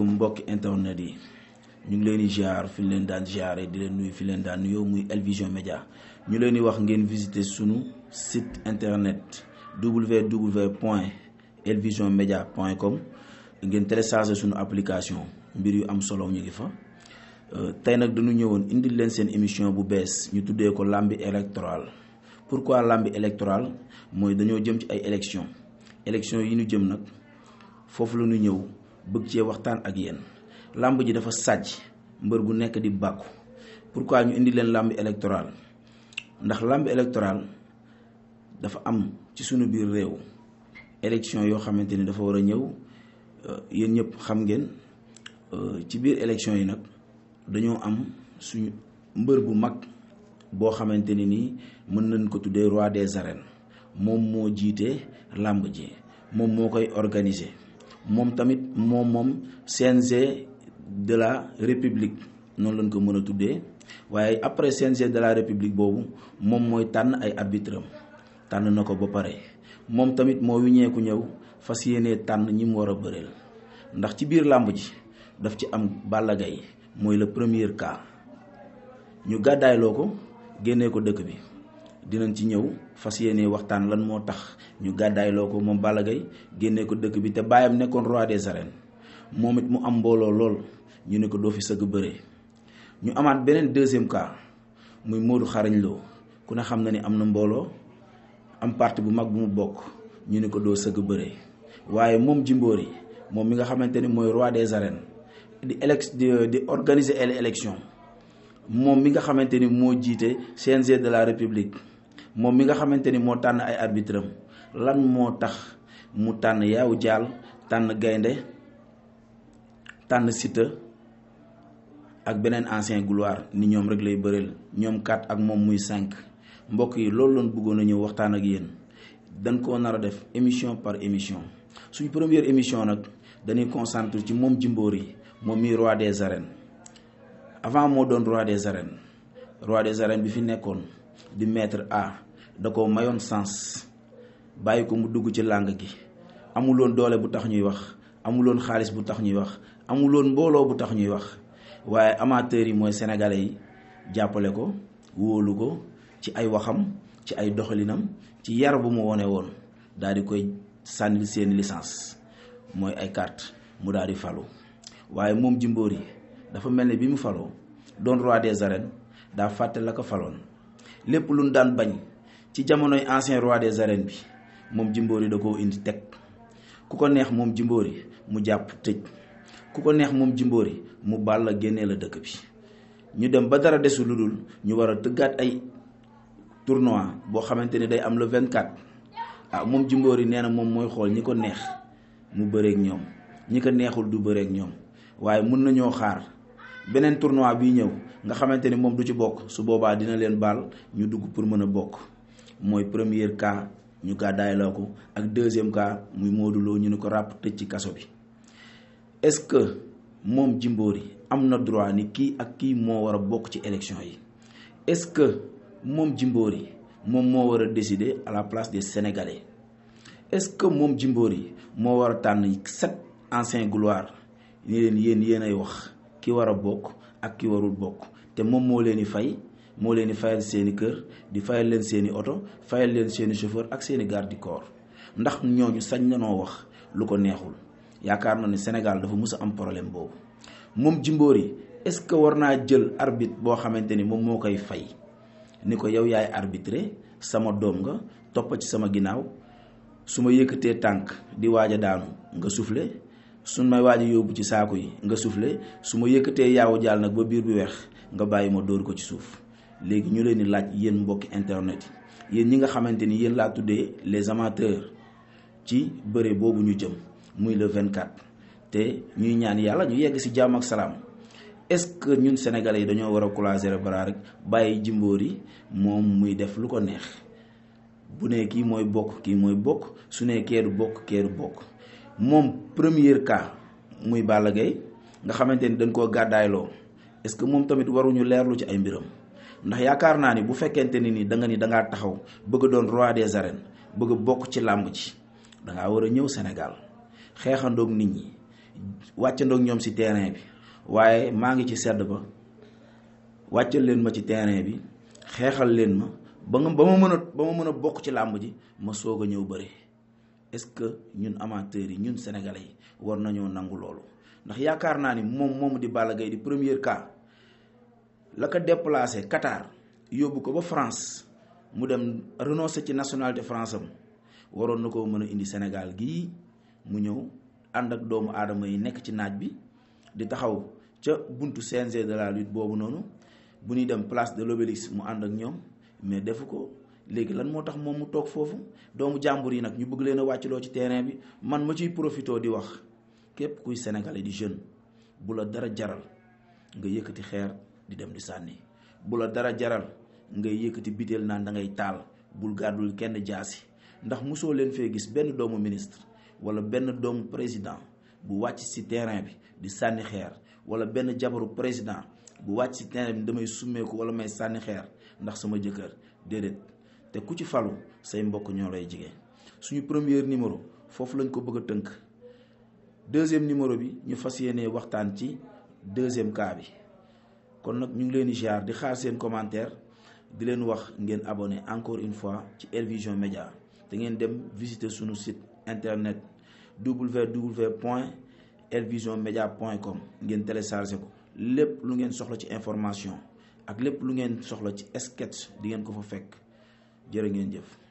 asalaamaaleykum mbokki internet yi ñu ngi leen di ziar fi leen daan ziare di leen nuyu fi leen daan nuyoo muy Elvision Média ñu leen di wax ngeen visiter sunu sit internet www point elvision média point com ngeen télécharger sunu application mbir yu am solo ñu ngi fa. Euh, tey nag dañu ñëwoon indil leen seen émission bu bees ñu tuddee ko làmbi électoral pourquoi làmbi électoral mooy dañoo jëm ci ay élections élections yi ñu jëm nag foofu la ñu ñëw. bëgg cee waxtaan ak yéen làmb ji dafa sàjj mbër bu nekk di bàkku pourquoi ñu indi leen làmb électoral ndax làmb électoral dafa am ci suñu biir réew élection yoo xamante ni dafa war a ñëw euh, yéen ñëpp xam ngeen euh, ci biir élection yi nag dañoo am suñu mbër bu mag boo xamante ni nii mën nañ ko tuddee roi des arènes moom moo jiitee làmb ji moom moo koy organiser mom tamit mom mom CNG de la république non lañ ko mën a waye après CNG de la république bobu mom moy tan ay arbitre tan nako na ba pare mom tamit moo wiñeeku ñew fas yéenee tànn ñi mu war a ndax ci biir làmb ji daf ci am Balla moy le premier cas ñu gaday loko génnee ko dëkk bi dinañ ci ñëw fas yéene waxtaan lan moo tax ñu gàddaay loo ko moom Balla Gaye génnee ko dëkk bi te baayam nekkoon roi des arènes moom it mu am mbooloo lool ñu ne ko doo fi sëgg bëree ñu amaan beneen deuxième cas muy Modou Xarañ loo ku ne xam na ni am na mbooloo am parti bu mag bu mu bokk ñu ne ko doo sëgg bëree waaye moom yi moom mi nga xamante ni mooy roi des arènes di élect di organiser élection moom mi nga xamante ni moo jiite CNG de la République moom mi nga xamante ni moo tànn ay arbitre lan moo tax mu tànn yaaw jaal tànn gaynde tànn site ak beneen ancien gloire ni ñoom rek lay bëreel ñoom 4 ak moom muy cinq mbokk yi loolu loon bëggoon a ñëw waxtaan ak yéen dañ koo nar a def émission par émission suñ première émission nag dañuy concentre ci moom Jimbori yi moom mi roi des arènes avant moo doon roi des arènes roi des arènes bi fi nekkoon di maître a da ko mayoon sens bàyyi ko mu dugg ci làng gi amuloon doole bu tax ñuy wax amuloon xaalis bu tax ñuy wax amuloon mbooloo bu tax ñuy wax waaye amateurs yi mooy sénégalais yi jàppale ko wóolu ko ci ay waxam ci ay doxalinam ci yar bu mu wone woon daal di koy sànnil seeni licence mooy ay carte mu daal di falu waaye moom yi dafa mel ne bi mu faloo doon roi des arènes daa fàtte la ko faloon lépp lu luñ daan bañ ci jamonoy ancien roi des arènes bi moom Jimbori da koo indi teg ku ko neex moom Jimbori mu jàpp tëj ku ko neex moom Jimbori mu bàll génnee la dëkk bi ñu dem ba dara desu lu dul ñu war a tëggaat ay tournoi boo xamante ni day am la le 24 ah moom Jimbori nee na moom mooy xool ñi ko neex mu bëreek ñoom ñi ko neexul du bëreek ñoom waaye mun nañoo xaar beneen tournoi bi ñëw nga xamanteni mom du ci bok su boba dina len bal ñu dugg pour mën bok moy premier cas ñu gàddaay loo ak deuxième cas muy Modou Lo ñu ko rap tëj ci kasso bi est-ce que mom Jimbori am na droit ni ki ak ki mo wara bok ci élection yi est-ce que mom Jimbori mom mo wara décider à la place des Sénégalais est-ce que mom Jimbori mo wara a tànn sept anciens gloire ni len yeen yéen ay wax ki wara bok ak ki warul bokk te moom moo leen di fay moo leen di seeni kër di fayal leen seeni oto fayal leen seeni chauffeur ak seeni garde corps ndax ñooñu sañ na noo wax lu ko neexul yaakaar na ne Sénégal dafa mus a am problème boobu moom Jimbori est-ce que war naa jël arbitre boo xamante ni moom moo koy fay ni ko yow yaay arbitre sama doom nga topp ci sama ginnaaw su ma yëkkatee tànk di waaj daanu nga suufle suñ may waaj yóbbu ci saaku yi nga soufflé su ma yëkkatee yaawu jaal nag ba biir bi weex nga bàyyi ma dóor ko ci suuf léegi ñu leen di laaj yéen mbokki internet yi yéen ñi nga xamante ni yéen laa tuddee les amateurs ci bëre boobu ñu jëm muy le 24 te ñuy ñaan yàlla ñu yegg si jàmm ak salaam est-ce que ñun sénégalais yi dañoo war a croiser bras rek bàyyi jimboor yi moom muy def lu ko neex bu ne kii mooy bokk kii mooy bokk su ne keeru bokk keeru bokk. moom premier cas muy Balla Gaye nga xamante ni dañ koo gàddaayloo est-ce que moom tamit waruñu leerlu ci ay mbiram ndax yaakaar naa ni bu fekkente ni nii da nga ni da taxaw bëgg doon roi des arènes bëgg bokk ci làmb ji da ngaa war a ñëw senegal xeexandoog nit ñi wàccandoog ñoom si terrain bi waaye maa ngi ci sedd ba wàccal leen ma ci terrain bi xeexal leen ma ba ba ma mën a ma mën a bokk ci làmb ji ma soog a ñëw bëri. est-ce que ñun amateurs yi ñun sénégalais yi war nañoo nangu loolu ndax yaakaar naa ni moom moomu di Balla gay di premier cas la ko déplacé Qatar yóbbu ko ba France mu dem renoncé ci nationalité France am waroon na koo mën a indi Sénégal gii mu ñëw ànd ak doomu aadama yi nekk ci naaj bi di taxaw ca buntu CNG de la lutte boobu noonu bu ñuy dem place de l'Obélisque mu ànd ak ñoom mais defu ko. légui lan motax momu tok fofu doomu jambour yi nak ñu bëgg leena wacc lo ci terrain bi man ma ciy profito di wax képp kuy sénégalais di jeune bu la dara jaral nga yëkëti xeer di dem di sanni bu la dara jaral nga yëkëti bidel naan da ngay taal bul gadul kenn jaasi ndax muso leen fe gis benn doomu ministre wala benn doomu président bu wacc ci terrain bi di sanni xeer wala benn jabaru président bu wacc ci terrain bi damay ko wala may sanni xeer ndax sama jëkër dedet te ku ci falu say mbokk premier numéro foofu lañ ko bëgg a deuxième numéro bi ñu fas waxtaan deuxième cas bi kon commentaire di wax ngeen abonné encore une fois ci Air Vision Média da ngeen dem visiter site internet www point ngeen ko lépp lu ngeen ci information ak lépp lu ngeen jërë ngeen jëf